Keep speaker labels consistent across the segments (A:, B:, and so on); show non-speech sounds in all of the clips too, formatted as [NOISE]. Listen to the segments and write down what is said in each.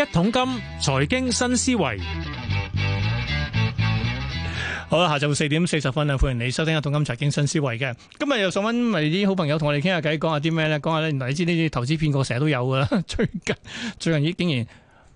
A: 一桶金財經新思維，好啦，下晝四點四十分啦，歡迎你收聽一桶金財經新思維嘅。今日又想問，咪啲好朋友同我哋傾下偈，講下啲咩咧？講下咧，原來你知呢啲投資騙局成日都有噶啦，最近最近咦，竟然。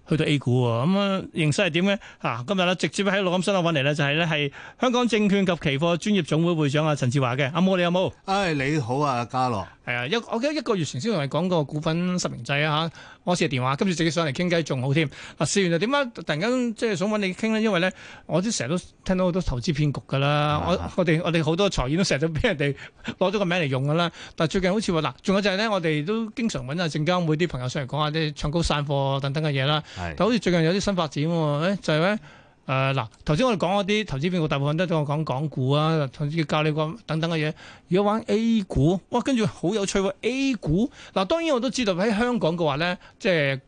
A: 去到 A 股喎，咁、嗯、啊形式係點咧？嗱，今日咧直接喺錄音室度揾嚟咧，就係咧係香港證券及期貨專業總會會長阿陳志華嘅。阿我你有冇？唉、哎，你好啊，家樂。係啊，一我記得一個月前先同你講過股份實名制啊嚇。我試下電話，跟住直接上嚟傾偈仲好添。阿試完啊，點解突然間即係想揾你傾咧？因為咧，我啲成日都聽到好多投資騙局噶啦、啊。我我哋我哋好多財演都成日都俾人哋攞咗個名嚟用噶啦。但最近好似話嗱，仲、啊、有就係咧，我哋都經常揾啊證監會啲朋友上嚟講下啲唱高散貨等等嘅嘢啦。係，是但好似最近有啲新發展喎、哎，就係、是、咧，誒、呃、嗱，頭先我哋講嗰啲投資邊個大部分都同我講港股啊，投資教你講等等嘅嘢。如果玩 A 股，哇，跟住好有趣喎、啊、！A 股嗱、啊，當然我都知道喺香港嘅話咧，即係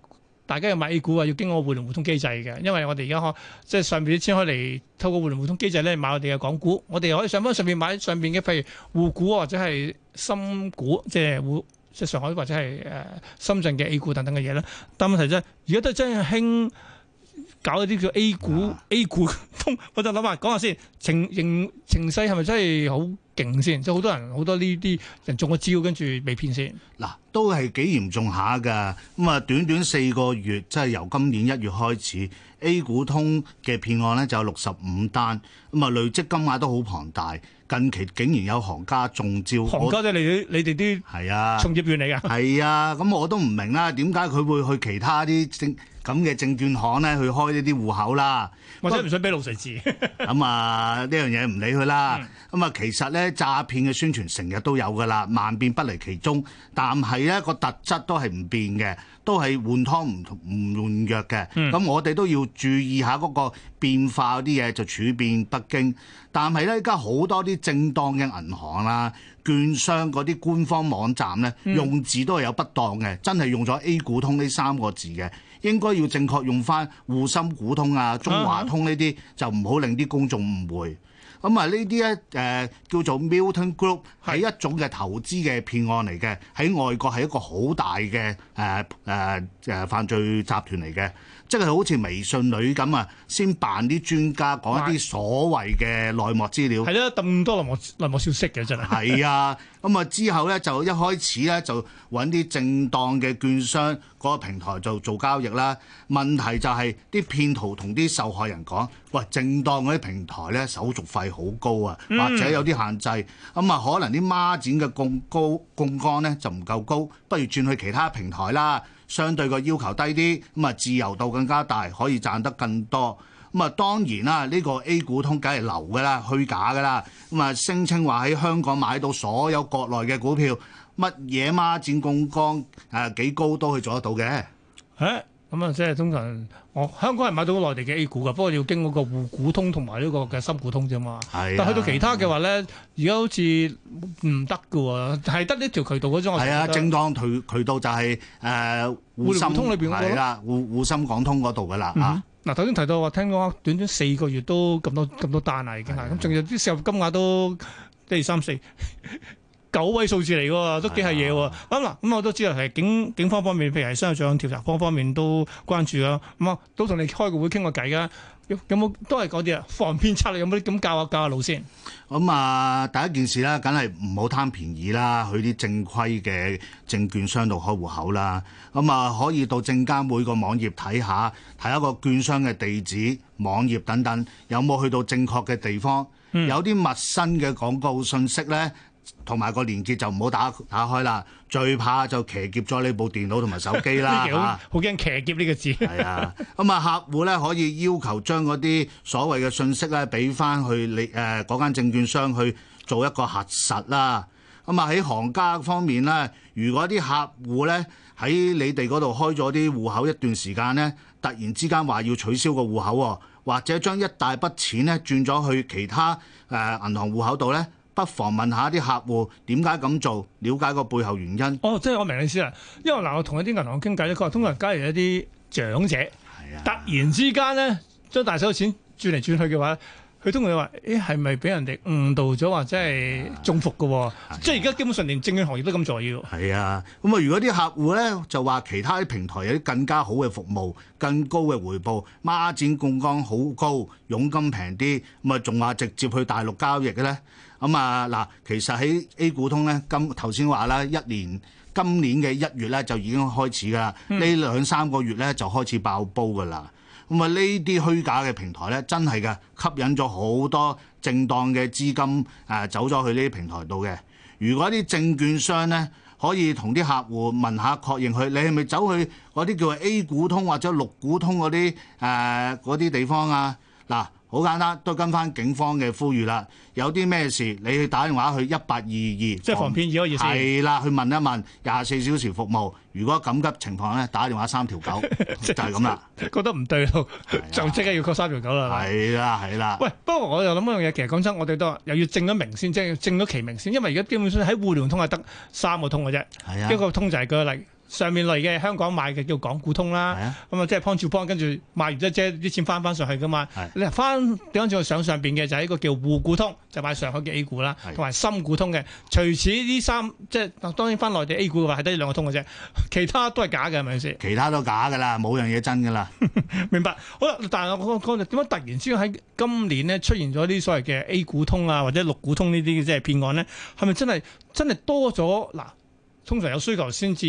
A: 大家要買 A 股啊，要經過互聯互通機制嘅，因為我哋而家可即係上邊啲錢可以嚟透過互聯互通機制咧買我哋嘅港股，我哋可以上翻上邊買上邊嘅，譬如滬股、啊、或者係深股，即係即係上海或者係誒深圳嘅 A 股等等嘅嘢啦，但問題真係而家都真係興搞一啲叫 A 股、啊、A 股通， [LAUGHS] 我就諗下講下先，情形情勢係咪真係好勁先，即係好多人好多呢啲人中咗招，跟住被騙先。嗱，
B: 都係幾嚴重下㗎。咁啊，短短四個月，即係由今年一月開始，A 股通嘅騙案咧就有六十五單，咁啊累積金額都好龐大。近期竟然有行家中招，行家
A: 即你你哋啲
B: 係啊，從業員嚟㗎。係啊，咁我都唔明啦，點解佢會去其他啲證咁嘅證券行咧去開呢啲戶口啦？或者唔
A: 想俾老細知？
B: 咁啊，呢樣嘢唔理佢啦。咁啊，其實咧。詐騙嘅宣傳成日都有噶啦，萬變不離其宗，但係呢、呢個特質都係唔變嘅，都係換湯唔同唔換藥嘅。咁、嗯、我哋都要注意下嗰個變化嗰啲嘢，就處變不驚。但係呢，依家好多啲正當嘅銀行啦、啊、券商嗰啲官方網站呢，嗯、用字都係有不當嘅，真係用咗 A 股通呢三個字嘅，應該要正確用翻滬深股通啊、中華通呢啲，就唔好令啲公眾誤會。咁啊，呢啲呢誒叫做 Milton Group，係是一種嘅投資嘅騙案嚟嘅，喺外國係一個好大嘅誒誒誒犯罪集團嚟嘅，即係好似微信女咁啊，先扮啲專家講一啲所謂嘅內幕資料。係咯、啊，
A: 咁多內幕內幕消息嘅真係。係 [LAUGHS] 啊。
B: 咁啊！之後咧就一開始咧就揾啲正當嘅券商嗰個平台就做交易啦。問題就係啲騙徒同啲受害人講，喂，正當嗰啲平台咧手續費好高啊，或者有啲限制。咁啊，可能啲孖展嘅槓高槓桿咧就唔夠高，不如轉去其他平台啦。相對個要求低啲，咁啊，自由度更加大，可以賺得更多。咁啊，當然啦，呢個 A 股通梗係流噶啦，虛假噶啦。咁啊，聲稱話喺香港買到所有國內嘅股票，乜嘢孖展供剛誒幾高都去做得到嘅。
A: 誒咁啊，即係通常我香港人買到內地嘅 A 股噶，不過要經嗰個滬股通同埋呢個嘅深股通啫嘛。
B: 係，但去到其他
A: 嘅話咧，而家好似唔得噶喎，係得呢條渠道嗰種。係啊，正當
B: 渠道就係誒滬深，係啦，滬滬深港通嗰度噶啦
A: 啊。嗱，頭先、啊、提到話，聽講短短四個月都咁多咁多單啦，已經係咁，仲有啲成交金額都一二三四。 [LAUGHS] 九位數字嚟嘅，都幾係嘢喎。咁嗱的，咁、啊、我都知啦，係警警方方面，譬如係商關調查方方面都關注啦。咁、嗯、啊，都同你開個會傾個偈噶。有冇都係嗰啲啊？防騙測啊！有冇啲咁教下教下路先？
B: 咁啊，嗯嗯、第一件事啦，梗係唔好貪便宜啦，去啲正規嘅證券商度開戶口啦。咁啊，可以到證監會個網頁睇下，睇下個券商嘅地址、網頁等等，有冇去到正確嘅地方？有啲陌生嘅廣告信息咧。嗯嗯同埋個連結就唔好打打開啦，最怕就騎劫咗你部電腦同埋手機啦，
A: 好驚騎劫呢個字。係 [LAUGHS] [LAUGHS] 啊，咁
B: 啊，客戶呢可以要求將嗰啲所謂嘅信息呢俾翻去你誒嗰間證券商去做一個核實啦。咁啊喺行家方面呢，如果啲客戶呢喺你哋嗰度開咗啲戶口一段時間呢，突然之間話要取消個戶口喎，或者將一大筆錢呢轉咗去其他誒銀行戶口度呢。不妨問下啲客戶點解咁做，了解個背後原因。哦，即係我明
A: 你意思啦，因為嗱，我同一啲銀行傾偈咧，佢話通常皆係一啲長者，的突然之間咧將大手錢轉嚟轉去嘅話。佢都會話，咦，係咪俾人哋誤導咗？或者係中伏㗎？啊、即係而家基本上連證券行業都咁在意。
B: 係啊，咁啊，如果啲客戶咧就話其他啲平台有啲更加好嘅服務，更高嘅回報，孖展槓桿好高、傭金平啲，咁啊，仲話直接去大陸交易嘅咧？咁啊，嗱，其實喺 A 股通咧，今頭先話啦，一年今年嘅一月咧就已經開始㗎啦，呢、嗯、兩三個月咧就開始爆煲㗎啦。咁啊！呢啲虛假嘅平台咧，真係嘅吸引咗好多正當嘅資金啊，走咗去呢啲平台度嘅。如果啲證券商咧，可以同啲客戶問下確認佢，你係咪走去嗰啲叫做 A 股通或者六股通嗰啲誒嗰啲地方啊？嗱。好簡單，都跟翻警方嘅呼籲啦。有啲咩事，你去打電話去一八二二，即係防騙熱線。係啦，去問一問，廿四小時服務。如果緊急情況咧，打電話三條九、 [LAUGHS] 就是，就係咁啦。
A: 覺得唔對路，的就即刻要 call 三條九啦。係
B: 啦，係啦。
A: 喂，不過我又諗一樣嘢，其實講真，我哋都又要證咗明先明，即係要證咗其明先，因為而家基本上喺互聯通係得三個通嘅啫，一個通就係嗰個例。的上面嚟嘅香港買嘅叫港股通啦，咁啊即係 p o n c h b o a，跟住買完之後即係啲錢翻翻上去噶嘛。是你翻點解仲要上上邊嘅？就係一個叫滬股通，就買上海嘅 A 股啦，同埋是深股通嘅。除此呢三，即係當然翻內地 A 股嘅話，係得兩個通嘅啫。其他都係假嘅，係咪先？其他都假嘅啦，冇樣嘢真嘅啦。 [LAUGHS] 明白。好啦，但係我講點解突然之間喺今年咧出現咗啲所謂嘅 A 股通啊，或者六股通呢啲即係騙案呢？係咪真係真係多咗嗱？通常有需求先至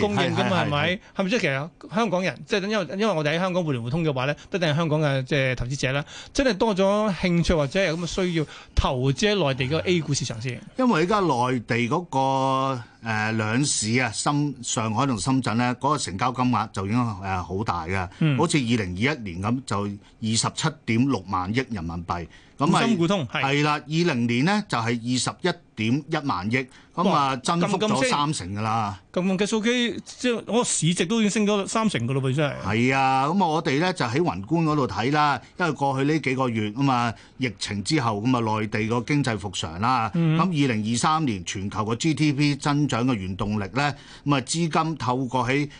A: 供應㗎嘛，係咪？係咪即係其實香港人，即係因為因為我哋喺香港互聯互通嘅話咧，一定係香港嘅即係投資者啦，真係多咗興趣或者有咁嘅需要投資喺內地嗰個 A 股市場先。
B: 因為而家內地嗰個。誒、呃、兩市啊，深上海同深圳咧，嗰、那個成交金額就已經誒、呃嗯、好大嘅，好似二零二一年咁就二十七點六萬億人民幣。咁啊、嗯，就是、深股通係啦，二零年呢，就係二十一點一萬億，咁、嗯、啊，增幅咗三成㗎啦。咁嘅數機
A: 即係嗰個市值都已經升咗三成㗎啦，咪真係。
B: 係啊，咁啊，我哋咧就喺宏觀嗰度睇啦，因為過去呢幾個月啊嘛、嗯，疫情之後咁啊，內地個經,經濟復常啦。咁二零二三年全球個 GDP 增長。嗯兩個原動力呢，咁啊資金透過喺誒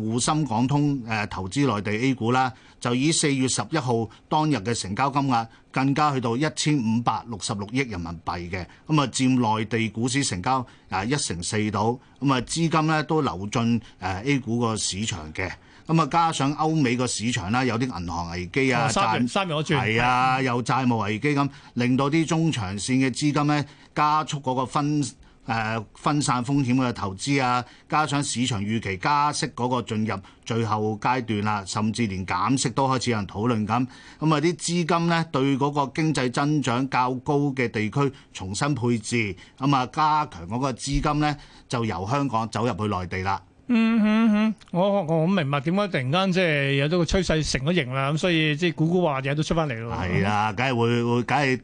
B: 滬深港通誒投資內地 A 股啦，就以四月十一號當日嘅成交金額更加去到一千五百六十六億人民幣嘅，咁、嗯、啊佔內地股市成交啊一成四度。咁、嗯、啊資金咧都流進誒 A 股個市場嘅，咁、嗯、啊加上歐美個市場啦，有啲銀行危機啊，啊三日賺三日我轉係啊，有債務危機咁，嗯、令到啲中長線嘅資金咧加速嗰個分。誒、呃、分散風險嘅投資啊，加上市場預期加息嗰個進入最後階段啦，甚至連減息都開始有人討論緊。咁啊啲資金呢，對嗰個經濟增長較高嘅地區重新配置，咁、嗯、啊加強嗰個資金呢，就由香港走入去內地啦、嗯。嗯
A: 哼哼、嗯，我我好明白點解突然間即係有咗個趨勢成咗形啦，咁
B: 所以即係鼓鼓譁嘅嘢都出翻嚟咯。係啊，梗係會會梗係。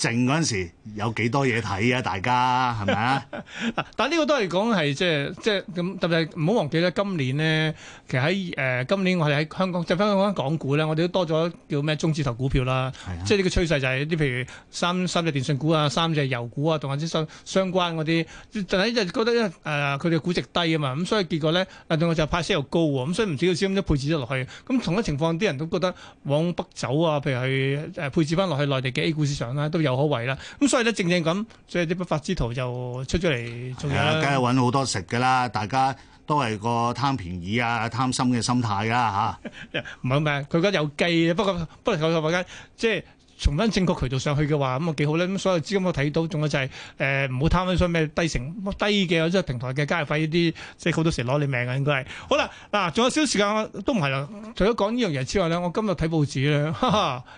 B: 靜嗰陣時有幾多嘢睇啊？大家係咪啊？
A: [LAUGHS] 但係呢個都係講係即係即係咁，特別唔好忘記咧。今年呢，其實喺誒、呃、今年我哋喺香港，就係、是、香港港股咧，我哋都多咗叫咩中字頭股票啦。即係呢個趨勢就係、是、啲譬如三三隻電信股啊，三隻油股啊，同啲相相關嗰啲，就係因為覺得誒佢哋估值低啊嘛。咁所以結果咧，我就派息又高喎、啊。咁所以唔少少咁都配置咗落去。咁同一情況，啲人都覺得往北走啊，譬如誒配置翻落去內地嘅 A 股市場啦，都有。有 [NOISE] 可為啦，咁所以咧正正咁，所以啲不法之徒就出咗嚟，仲要梗係揾
B: 好多食㗎啦。大家都係個貪便宜啊、貪心嘅心態㗎、啊、嚇。唔係唔係，佢家有計
A: 啊。不，不過不能佢佢家即係。重新正確渠道上去嘅話，咁啊幾好咧！咁所有資金我睇到，仲有就係誒唔好貪嗰啲咩低成低嘅即係平台嘅交易費呢啲，即係好多時攞你命啊！應該係好啦，嗱，仲有少少時間，都唔係啦。除咗講呢樣嘢之外咧，我今日睇報紙咧，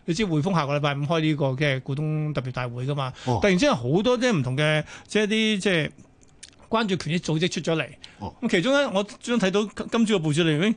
A: 你知匯豐下個禮拜五開呢個嘅股東特別大會噶嘛？突然之間好多啲唔同嘅即係啲即係關注權益組織出咗嚟。咁其中咧，我將睇到今朝嘅報紙裏面。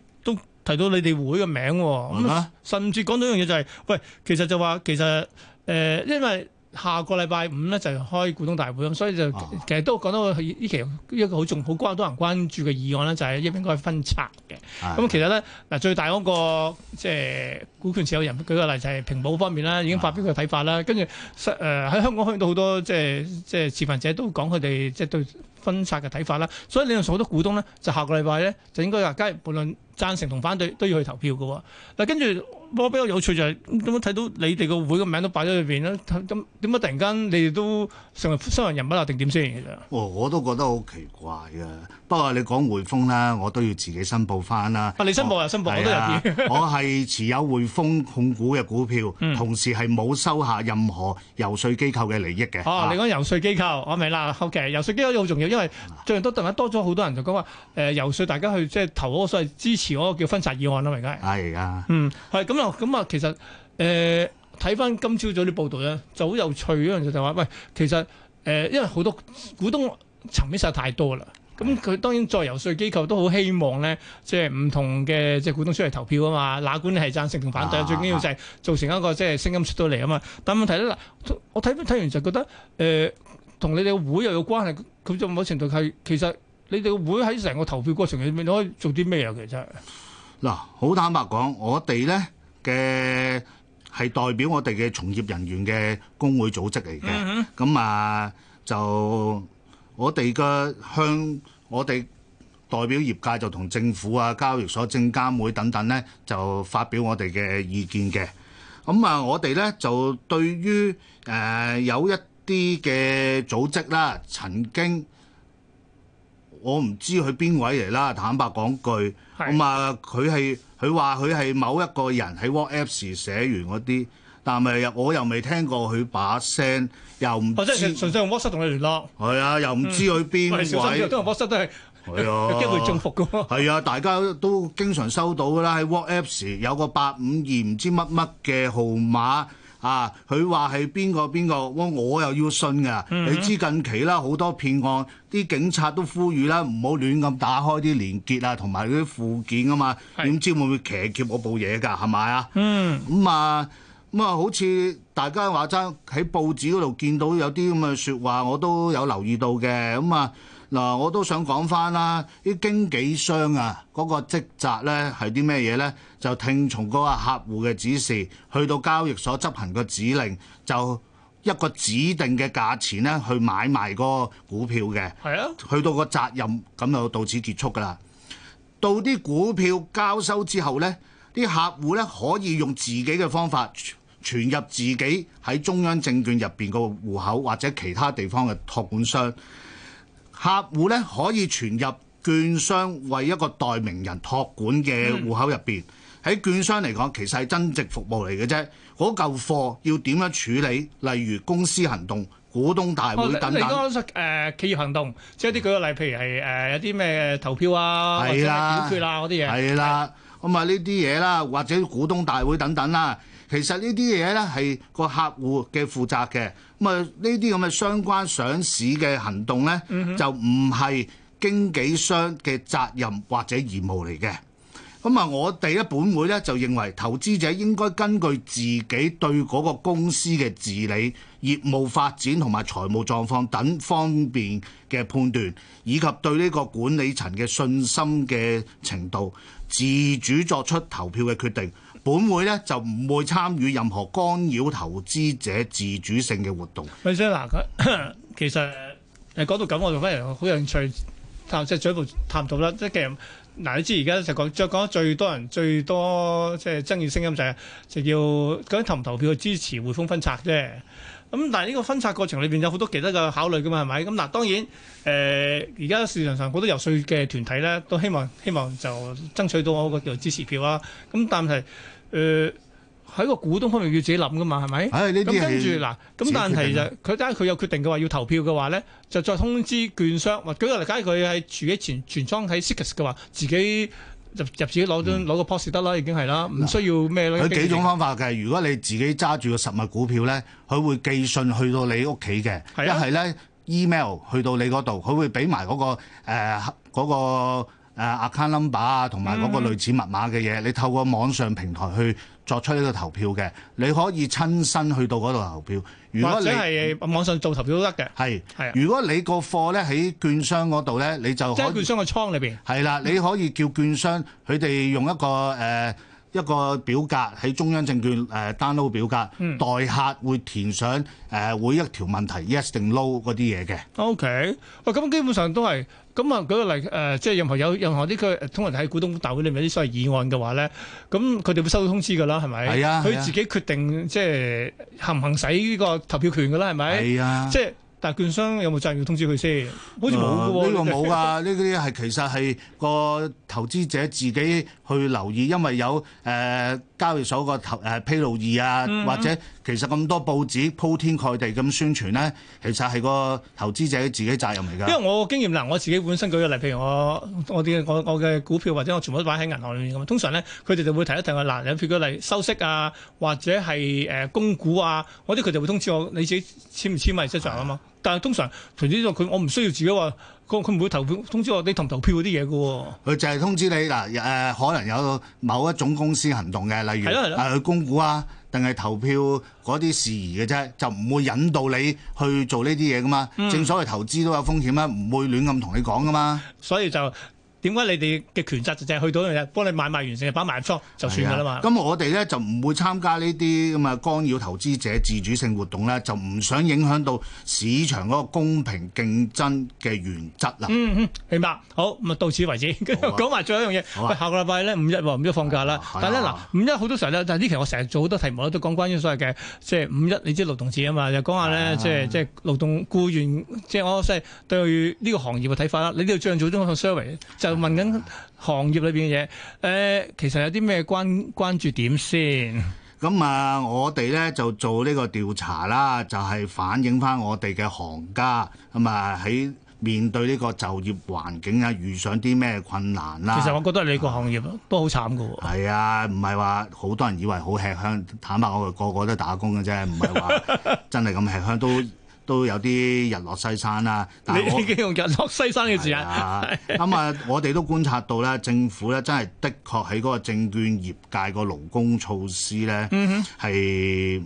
A: 提到你哋會嘅名、哦，咁、嗯啊、甚至講到一樣嘢就係、是，喂，其實就話其實誒、呃，因為下個禮拜五咧就開股東大會，咁所以就其實都講到呢期一個好重好關多人關注嘅議案咧，就係應該分拆嘅。咁、嗯嗯、其實咧嗱，最大嗰個即係、就是、股權持有人，舉個例就係平保方面啦，已經發表佢睇法啦。啊、跟住誒喺香港聽到好多即係即係持份者都講佢哋即係對分拆嘅睇法啦，所以你哋所有好多股東咧，就下個禮拜咧就應該話，今日無論贊成同反對都要去投票嘅喎。嗱， [MUSIC] 跟住。我比較有趣就係點樣睇到你哋個會個名都擺咗裏邊呢？咁點解突然間你哋都成為新聞人物啊？定點先？
B: 我都覺得好奇怪啊！不過你講匯豐啦，我都要自己申報翻、啊、啦、啊。你申報又、啊哦、申報，啊、我都入我係持有匯豐控股嘅股票，嗯、同時係冇收下任何游說機構嘅利益嘅。哦，啊、你
A: 講游說機構，我明啦。OK，游說機構好重要，因為最近都突然間多咗好多人就講話誒遊說大家去即係投嗰個所謂支持嗰個叫分拆議案啦，而家係。係啊嗯。嗯，係咁咁啊、嗯，其實誒，睇、呃、翻今朝早啲報道咧，就好有趣樣嘢就話，喂，其實誒、呃，因為好多股東層面實在太多啦，咁佢當然在游說機構都好希望咧，即係唔同嘅即係股東出嚟投票啊嘛，哪管你係贊成同反對，啊、最緊要就係造成一個即係聲音出到嚟啊嘛。但問題咧嗱，我睇翻睇完就覺得，誒、呃，同你哋個會又有關係，佢就某程度係其實你哋個會喺成個投票過程入面可以做啲咩啊？其實
B: 嗱，好坦白講，我哋咧。嘅係代表我哋嘅從業人員嘅工會組織嚟嘅，咁、mm hmm. 嗯、啊就我哋嘅向我哋代表業界就同政府啊、交易所、證監會等等呢，就發表我哋嘅意見嘅。咁、嗯、啊，我哋呢，就對於誒、呃、有一啲嘅組織啦、啊，曾經。我唔知佢邊位嚟啦，坦白講句，咁啊佢係佢話佢係某一個人喺 WhatsApp 時寫完嗰啲，但係我又未聽過佢把聲，又唔，或者純粹用 WhatsApp 同你聯絡，係啊，又唔知佢邊位、嗯，都用
A: WhatsApp 都係，係啊，驚佢中伏
B: 㗎，係啊，大家都經常收到㗎啦，喺 WhatsApp 時有個八五二唔知乜乜嘅號碼。啊！佢話係邊個邊個，我又要信㗎。Mm hmm. 你知近期啦，好多騙案，啲警察都呼籲啦，唔好亂咁打開啲連結啊，同埋啲附件㗎嘛。點知、mm hmm. 會唔會騎劫我部嘢㗎？係咪啊？咁啊、mm，咁、hmm. 啊、嗯嗯嗯，好似大家話齋喺報紙嗰度見到有啲咁嘅説話，我都有留意到嘅。咁、嗯、啊。嗯嗱，我都想講翻啦，啲經紀商啊，嗰個職責呢係啲咩嘢呢？就聽從嗰個客戶嘅指示，去到交易所執行個指令，就一個指定嘅價錢呢去買賣個股票嘅。係啊，去到個責任咁就到此結束㗎啦。到啲股票交收之後呢，啲客戶呢可以用自己嘅方法存入自己喺中央證券入邊個戶口，或者其他地方嘅託管商。客戶咧可以存入券商為一個代名人託管嘅戶口入邊，喺、嗯、券商嚟講，其實係增值服務嚟嘅啫。嗰嚿貨要點樣處理？例如公司行動、股東大會等等。咁、
A: 哦呃、企業行動，即係啲舉個例，譬如係誒、呃、有啲咩投票啊，啦或者調啦嗰
B: 啲嘢。係啦，咁啊呢啲嘢啦、呃，或者股東大會等等啦、啊。其實呢啲嘢呢係個客戶嘅負責嘅，咁啊呢啲咁嘅相關上市嘅行動呢，就唔係經紀商嘅責任或者義務嚟嘅。咁啊，我哋一本會呢，就認為，投資者應該根據自己對嗰個公司嘅治理、業務發展同埋財務狀況等方面嘅判斷，以及對呢個管理層嘅信心嘅程度，自主作出投票嘅決定。本會咧就唔會參與任何干擾投資者自主性嘅活動。
A: 李生嗱，其實誒講到咁，我就好好有興趣探即係進一步探討啦。即係其實嗱，你知而家就講再講得最多人最多即係爭議聲音就係，就要究竟投唔投票去支持匯豐分拆啫。咁但係呢個分拆過程裏邊有好多其他嘅考慮㗎嘛係咪？咁嗱當然誒，而家市場上好多游說嘅團體咧，都希望希望就爭取到我嘅支持票啊！咁但係誒喺個股東方面要自己諗㗎嘛係咪？咁、啊、跟住著嗱，咁是但係就佢家佢有決定嘅話要投票嘅話咧，就再通知券商，或舉個例嚟解，佢係自己全全倉喺 seekers 嘅話，自己。入入自己攞張攞個 post 得啦，已經係啦，唔、嗯、需要咩咯。佢幾種方
B: 法嘅，如果你自己揸住個實物股票咧，佢會寄信去到你屋企嘅，一係咧 email 去到你嗰度，佢會俾埋嗰個誒嗰、呃嗰個、account number 啊，同埋嗰個類似密碼嘅嘢，嗯、你透過網上平台去。作出呢個投票嘅，你可以親身去到嗰度投票。如果你係
A: 網上做投票都得
B: 嘅。係係是。的如果你個貨咧喺券商嗰度咧，你就即係券商個倉裏邊。係啦，你可以叫券商佢哋用一個誒、呃、一個表格喺中央證券誒、呃、download 表格代、嗯、客會填上誒每、呃、一條問題 yes 定 no 嗰啲嘢嘅。O K，
A: 喂，咁基本上都係。咁啊，舉個例誒、呃，即係任何有任何啲、這、佢、個、通常喺股東大會裏面啲所謂議案嘅話咧，咁佢哋會收到通知噶啦，係咪？係啊，佢、啊、自己決定即係行唔行使呢個投票權噶啦，係咪？係啊，即係但券商有冇責任要通知佢先？好似冇嘅喎。呢、呃，這個冇噶、啊，
B: 呢啲係其實係個。投資者自己去留意，因為有誒、呃、交易所個誒、呃、披露易啊，或者其實咁多報紙鋪天蓋地咁宣傳咧，其實係個投資者自己責任嚟㗎。因為
A: 我經驗嗱，我自己本身舉個例，譬如我我啲我我嘅股票或者我全部都擺喺銀行裏面咁通常咧，佢哋就會提一提我嗱，有譬如舉例收息啊，或者係誒供股啊，嗰啲佢就會通知我你自己簽唔簽咪即作啊嘛。的但係通常除此之外，佢我唔需要自己話。佢唔會投票通知我，你投唔投票嗰啲嘢㗎喎。
B: 佢淨係通知你嗱誒、呃，可能有某一種公司行動嘅，例如誒、啊、供股啊，定係投票嗰啲事宜嘅啫，就唔會引導你去做呢啲嘢噶嘛。嗯、正所謂投資都有風險啦、啊，唔會亂咁同你講噶嘛，所以就。點解
A: 你哋嘅權責就淨係去到呢樣嘢幫你買賣完成，擺埋倉就算㗎啦嘛？咁
B: 我哋咧就唔會參加呢啲咁嘅干擾投資者自主性活動咧，就唔想影響到市場嗰個公平競爭嘅原則啦。嗯嗯，明白。好，咁啊
A: 到此為止。講埋最後一樣嘢。喂，下個禮拜咧，五一，五一放假啦。但係嗱，五一好多時候咧，但係呢期我成日做好多題目都講關於所謂嘅即係五一，你知勞動節啊嘛，就講下咧，即係即係勞動僱員，即係我即係對呢個行業嘅睇法啦。你都要最早做咗個 survey 問緊
B: 行業裏邊嘅嘢，誒、呃、其實有啲咩關關注點先？咁啊、嗯，我哋咧就做呢個調查啦，就係、是、反映翻我哋嘅行家咁啊，喺、嗯、面對呢個就業環境啊，遇上啲咩困難啦？其實我覺得你個行業都好慘噶喎。係、嗯、啊，唔係話好多人以為好吃香，坦白我哋個個都打工嘅啫，唔係話真係咁吃香 [LAUGHS] 都。都有啲日落西山啦，但係已經用日落西山嘅字眼。咁啊，我哋都觀察到咧，政府咧真係的確喺嗰個證券業界個勞工措施咧，嗯哼，係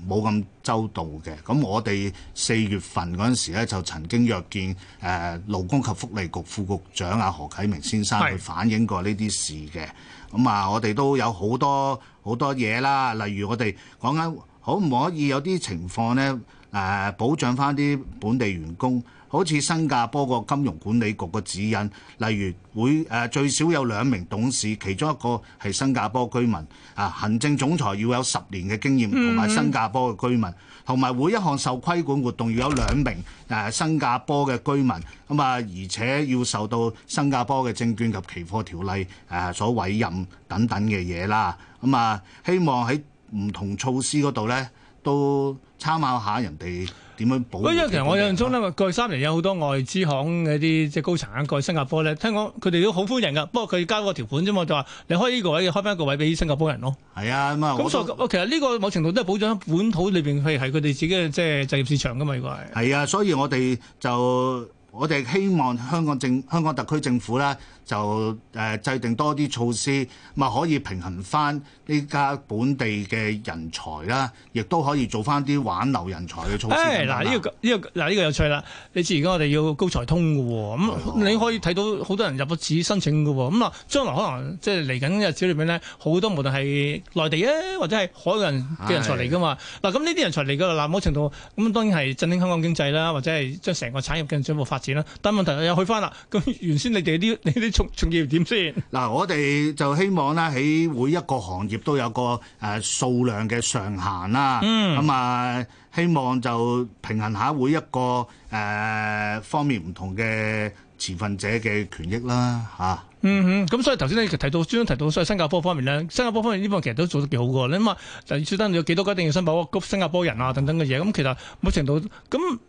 B: 冇咁周到嘅。咁我哋四月份嗰陣時咧，就曾經約見誒勞工及福利局副局長啊何啟明先生去反映過呢啲事嘅。咁啊，我哋都有好多好多嘢啦，例如我哋講緊可唔可以有啲情況咧？誒保障翻啲本地員工，好似新加坡個金融管理局個指引，例如會誒最少有兩名董事，其中一個係新加坡居民啊，行政總裁要有十年嘅經驗同埋新加坡嘅居民，同埋每一項受規管活動要有兩名誒新加坡嘅居民，咁啊而且要受到新加坡嘅證券及期貨條例誒所委任等等嘅嘢啦，咁啊希望喺唔同措施嗰度呢。都參考下人哋點樣保。因為其實我印象
A: 中咧，啊、過去三年有好多外資行嘅啲即係高層咧過去新加坡咧，聽講佢哋都好歡迎噶。不過佢加個條款啫嘛，就話你開呢個位，開翻一個位俾新加坡人咯。
B: 係啊，咁啊。咁所以
A: 其實呢個某程度都係保障本土裏邊，譬如係佢哋自己嘅即係就業市場噶嘛，如果係。
B: 係、呃、啊，所以我哋就我哋希望香港政、香港特區政府啦。就誒制定多啲措施，咪可以平衡翻呢家本地嘅人才啦，亦都可以做翻啲挽留人才嘅措施等等。嗱、哎，
A: 呢、呢個呢、呢個嗱呢、呢個有趣啦！你知而家我哋要高才通嘅喎，咁、嗯哎、喲你可以睇到好多人入咗紙申請嘅喎，咁啊將來可能即係嚟緊日子裏邊咧，好多無論係內地啊，或者係海外嘅人才嚟噶嘛。嗱咁呢啲人才嚟嘅話，某程度咁當然係振興香港經濟啦，或者係將成個產業嘅進一步發展啦。但問題又去翻啦，咁原先你哋啲你啲。重重要點先？
B: 嗱， [LAUGHS] 我哋就希望咧喺每一個行業都有個誒數量嘅上限啦。咁啊、嗯，希望就平衡下每一個誒、呃、方面唔同嘅持份者嘅權益啦。嚇、
A: 啊嗯，嗯哼。咁所以頭先咧，其實提到專登提到，所以新加坡方面咧，新加坡方面呢方面其實都做得幾好嘅。你諗下，就專登有幾多家一定要新加坡、新加坡人啊等等嘅嘢。咁其實某程度咁。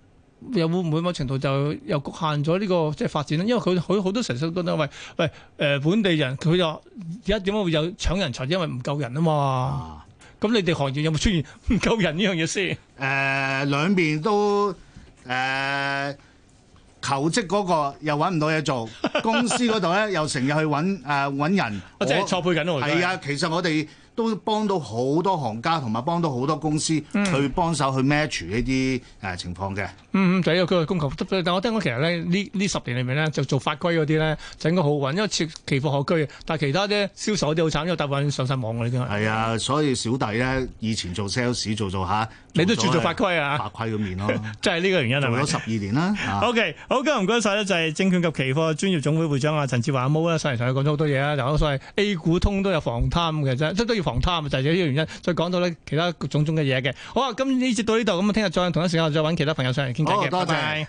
A: 有冇唔會某程度就又局限咗呢、這個即係、就是、發展咧？因為佢佢好多城市都因為喂誒、呃、本地人，佢又而家點解會有搶人才？因為唔夠人啊嘛。咁、啊、你哋行業
B: 有冇出現唔夠人呢樣嘢先？誒、呃、兩邊都誒、呃、求職嗰個又揾唔到嘢做，公司嗰度咧又成日去揾誒、呃、人。或者係錯配緊我哋。啊，其實我哋。都幫到好多行家，同埋幫到好多公司去幫手去 match 呢啲誒情況嘅、
A: 嗯。嗯嗯，就係個供求，但我聽講其實咧呢呢十年裏面呢，就做法規嗰啲呢，就應該好運，因為設期貨學居，但係其他啲銷售嗰啲好慘，因為大部分上曬網嘅已經係。
B: 嗯、啊，所以小弟呢，以前做 sales 做做下，做你都轉做法規啊？法規咁面咯，即係呢個原因係咪？做咗十二年啦。 [LAUGHS] [LAUGHS] OK，
A: 好，今日唔該晒呢，就係證券及期貨專業總會會長阿陳志華阿毛啦，上嚟同你講咗好多嘢啊。就講所謂 A 股通都有防貪嘅啫，防貪啊，就係呢個原因，所以講到咧其他種種嘅嘢嘅。好啊，今呢節到呢度，咁啊聽日再同一時間再揾其他朋友上嚟傾偈嘅。好見多謝。拜拜。